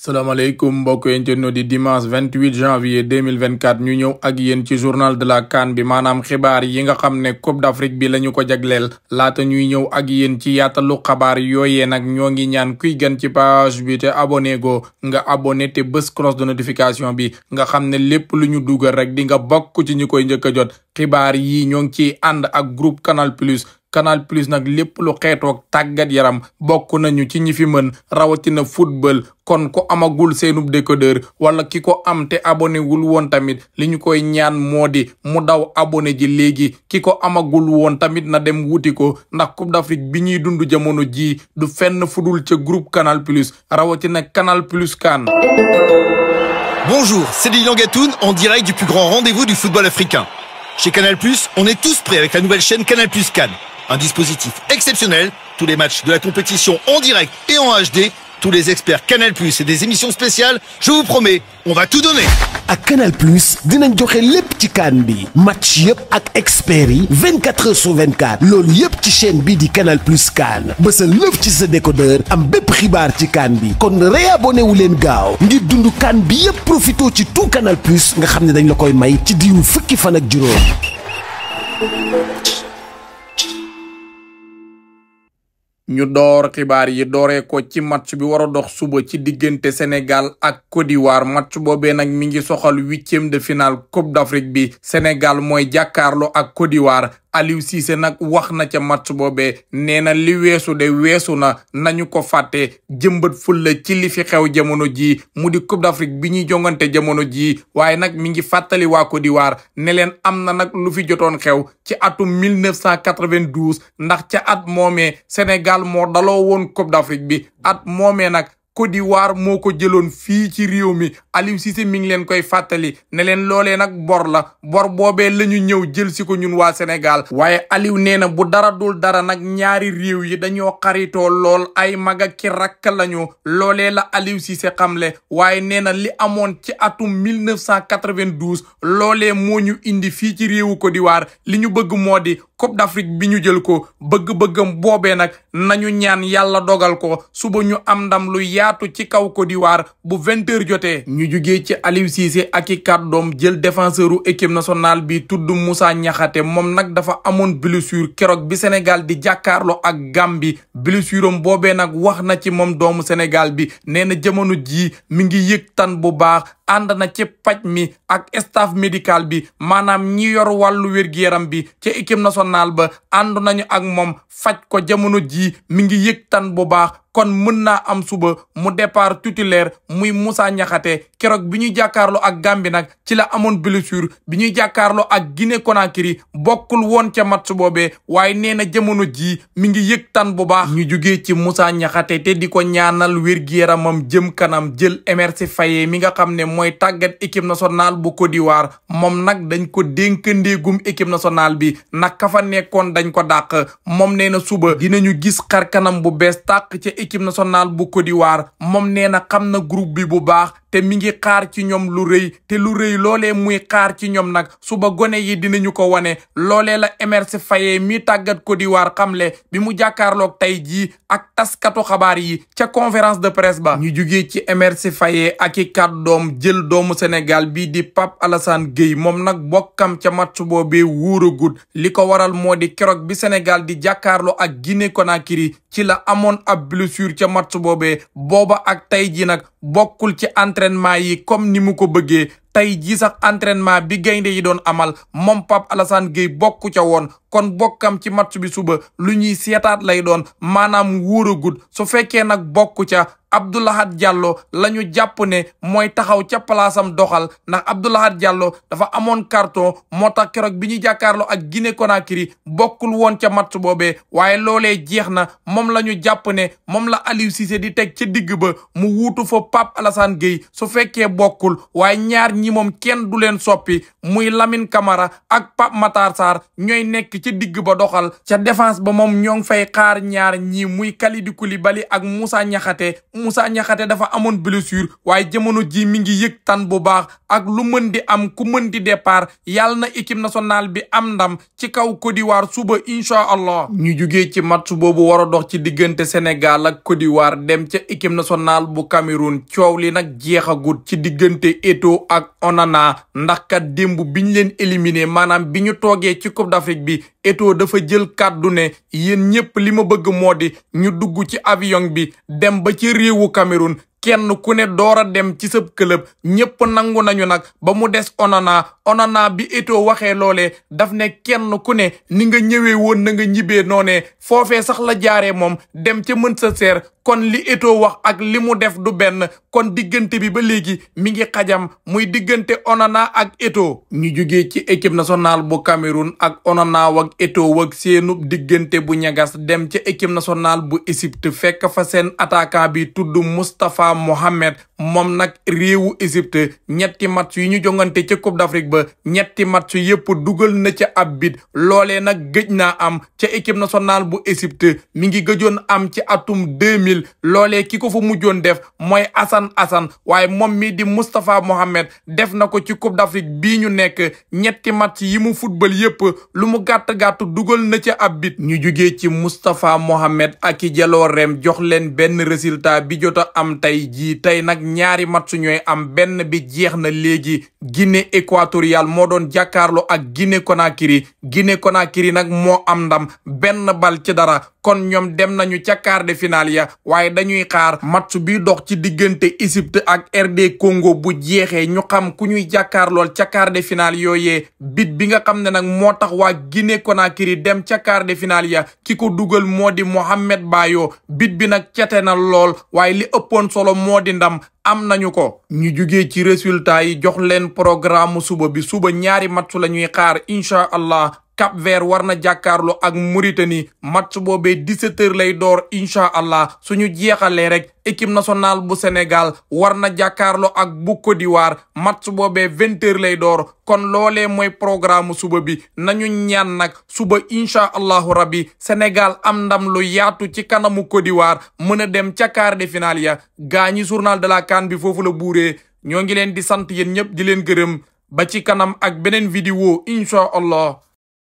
salaamaaleykum mbokk internet di dimanche 28 janvier 2024 ñu ñëw ak yéen ci journal de la kan bi maanaam xibaar yi nga xam ne Coupe d'Afrique bi la ñu ko jagleel laata ñuy ñëw ak yéen ci yaatalu xabaar yooyee nag ñoo ngi ñaan kuy gën ci page bi te abonné go nga abonné te bés cloche de notification bi nga xam ne lépp lu ñu dugal rek di nga bokk ci ñi koy njëkk a jot xibaar yi ñoo ngi ciy ànd ak groupe Canal Plus Canal Plus nag lépp lu xeetoog tàggat yaram bokk nañu ci ñi fi mën rawatina football kon ko amagul seenub décodeur wala ki ko am te abonné wul woon tamit li ñu koy ñaan moo di mu daw abonné ji léegi ki ko amagul woon tamit na dem wuti ko ndax Coupe d'Afrique bi ñuy dund jamono jii du fenn fudul ci group Canal Plus rawatina Canal Plus CAN Bonjour, c'est Lilian Gatoun en direct du plus grand rendez-vous du football africain. Chez Canal+, on est tous prêts avec la nouvelle Un dispositif exceptionnel. Tous les matchs de la compétition en direct et en HD. Tous les experts Canal Plus et des émissions spéciales. Je vous promets, on va tout donner. ak Canal Plus dinañ joxe lépp ci kaan bi match yëpp ak experts yi 24 heures sur 24 loolu yëpp ci chaîne bii di Canal Plus kaan bësal lëf ci sa décodeur am bépp xibaar ci kaan bi kon réabonné wu leen gaaw ngir dund kaan bi yëpp profito ci tout Canal Plus nga xam ne dañ la koy may ci diiru fukki fan ak juróom. ñu door xibaar yi dooree ko ci match bi war a dox suba ci diggante Sénégal ak Côte d'Ivoire match boobee nag mi ngi soxal huitième de final Coupe d'Afrique bi Sénégal mooy jàkkaarloo ak Côte d'Ivoire Aliou Cissé nag wax na ca match boobee nee na li de weesu na nañu ko fàtte jëmbat fulla ci li fi xew jamono jii mu di Coupe d'Afrique bi ñuy jongante jamono jii waaye nag mi ngi fàttali waa Côte d'Ivoire ne leen am na nag lu fi jotoon xew ci atum 1992 ndax ca at moomee Sénégal moo daloo woon Coupe d'Afrique bi at moomee nag Côte d'Ivoire moo ko jëloon fii ci réew mi Aliou Cissé mi ngi leen koy fàttali ne leen loolee nag bor la bor boobee la ñu ñëw jël si ko ñun waa Sénégal waaye aliw nee na bu dara dul dara nag ñaari réew yi dañoo xaritoo lool ay mag ak ki rakk lañu loolee la Aliou Cissé xamle waaye nee na li amoon ci atum 1992 loolee moo ñu indi fii ci réewu Côte d'Ivoire li ñu bëgg moo di Coupe d'Afrique bi ñu jël ko bëgg-bëggam boobee nag nañu ñaan yàlla dogal ko suba ñu am ndam yaatu ci kaw Côte bu vingt heures jotee ñu jugee ci Aliou Cissé ak i kàddoom jël défenseuru équipe nationale bi tudd Moussa Niakhaté moom nag dafa amoon blessure keroog bi Sénégal di jàkkaarloo ak Gambie blessure am boobee nag wax na ci moom doomu Sénégal bi nee na jamono jii mi ngi yëg tan bu baax ànd na ci paj mi ak staff médical bi maanaam ñi yor wàllu wér yaram bi ca équipe nationale ba ànd nañu ak moom faj ko jamono jii mi ngi yëg tan bu baax kon mën naa am suba mu départ titulaire muy Moussa Niakhaté keroog bi ñuy jàkkaarloo ak Gambie nag ci la amoon blessure bi ñuy jàkkaarloo ak gine Conakry bokkul woon ca match boobee waaye nee na jamono jii mi ngi yëg tan bu baax. ñu jugee ci Moussa Niakhaté te di ko ñaanal wér-gu-yaramam jëm kanam jël Emerse Faé mi nga xam ne mooy tàggat équipe nationale bu Côte d'Ivoire moom nag dañ ko dénk ndéegum équipe nationale bi naka fa nekkoon dañ ko dàq moom nee na suba ñu gis xar kanam bu bees tàq ca équipe nationale bu Côte d'Ivoire moom nee na na groupe bi bu baax te mi ngi xaar ci ñoom lu rëy te lu rëy loole muy xaar ci ñoom nag suba gone yi dinañu ko wane loole la Emerse faye mi tàggat Côte d'Ivoire xamle bi mu jàkkaarloog tey jii ak taskatu xabaar yi ca conférence de presse ba ñu jugee ci Emerse Faé ak i kàddoom jël doomu Sénégal bii di Pape Alassane Gueye moom nag bokkam ca match boobee wuuragut li ko waral moo di keroog bi Sénégal di jàkkaarloo ak Guinée Conakry ci la amoon ab blessure ca match boobee booba ak tey ji nag bokkul ci entraînement yi comme ni mu ko bëggee tey jii sax entraînement bi gaynde yi doon amal moom Pape alasan Gueye bokku ca woon kon bokkam ci match bi suba lu ñuy seetaat lay doon maanaam wóoragut su fekkee nag bokku ca Abdou Lahad Diallo la ñu jàpp ne mooy taxaw ca palaasam doxal ndax Abdou Lahad Diallo dafa amoon carton moo tax keroog bi ñu jàkkaarloo ak Guinée Conakry bokkul woon ca match boobee waaye loolee jeex na moom la ñu jàpp ne moom la Aliou Cissé di teg ca digg ba mu wuutu fa Pape Alassane Gueye su fekkee bokkul waaye ñaar ñi moom kenn du leen soppi muy Lamine kamara ak Pape Matar Sarr ñooy nekk nekk ca digg ba doxal ca défense ba moom ñoo ngi fay xaar ñaar ñii muy Kalidou bali ak Moussa ñaxate Moussa Niakhaté dafa amoon blessure waaye jamono ji mi ngi yëg tan bu baax ak lu mën di am ku mën di départ yàlla na équipe nationale bi am ndam ci kaw codiwar suba incha allah. ñu jugee ci match boobu war a dox ci diggante Sénégal ak codiwar dem ca équipe nationale bu Cameroun coow li nag jeexagut ci diggante Eto'o ak Onana ndax kat démb biñ leen éliminé maanaam bi ñu toogee ci Coupe d'Afrique bi Eto'o dafa jël kàddune ne yéen ñépp li ma bëgg moo di ñu dugg ci avion bi dem ba ci réewu Cameroun kenn ku ne door dem ci sab club ñépp nangu nañu nag ba mu des Onana Onana bi Eto'o waxee loolee daf ne kenn ku ne ni nga ñëwee woon na nga ñibbee noonee foofee sax la jaaree moom dem ca Manchester kon li Eto'o wax ak li mu def du benn kon diggante bi ba léegi mi ngi kajam muy diggante Onana ak Eto'o ñu jugee ci équipe national bu Cameroun ak Onana wak Eto'o ak diggante bu ñagas dem ci équipe national bu Égypte fekk fa seen attaquant bi tudd Moustapha Mohamed moom nag réewu Égypte ñetti match yi ñu jongante ca Coupe d'Afrique ba ñetti match yëpp dugal na ca ab bit loolee nag gëj naa am ca équipe nationale bu Égypte mi ngi gëjoon am ci atum 2000 loolee ki ko fa mujjoon def mooy Hassan Hassan waaye moom mi di Moustapha Mohamed def na ko ci Coupe d'Afrique bii ñu nekk ñetti match yi mu football yëpp lu mu gàtt gàtt dugal na ca ab bit ñu jugee ci Moustapha Mohamed ak i jalooreem jox leen benn résultat bi jot a am tey jii tey nag ñaari match ñooy am benn bi jeex na léegi Guinée équatoriale moo doon jàkkaarloo ak Guinée Conakry Guinée Conakry nag moo am ndam benn bal ci dara kon ñoom dem nañu ca quart de finale ya waaye dañuy xaar match bi dox ci diggante Égypte ak RD Congo bu jeexee ñu xam ku ñuy jàkkaarlool ca quart de finale bit bi nga xam ne nag moo tax waa Guinée Conakry dem ca quart de ya ki ko dugal moo di Mohamed Bayo bit bi nag cete na lool waaye li ëppoon solo moo di ndam am nañu ko ñu jugee ci résultat yi jox leen programme suba bi suba ñaari match la ñuy xaar incha allah Cap Vert war na jàkkaarloo ak Mauritanie match boobee 17h lay door incha allah suñu jeexalee rek équipe nationale bu Sénégal war na jàkkaarloo ak bu Côte d'Ivoire match boobee 20 lay door kon loolee mooy programme suba bi nañu ñaan nag suba incha allahu rabbi Sénégal am ndam lu yaatu ci kanamu Côte mën a dem ca quart ya gaañi journal de bi foofu la buuree ñoo ngi leen di sant yéen ñëpp di leen gërëm ba ci ak beneen vidéo incha allah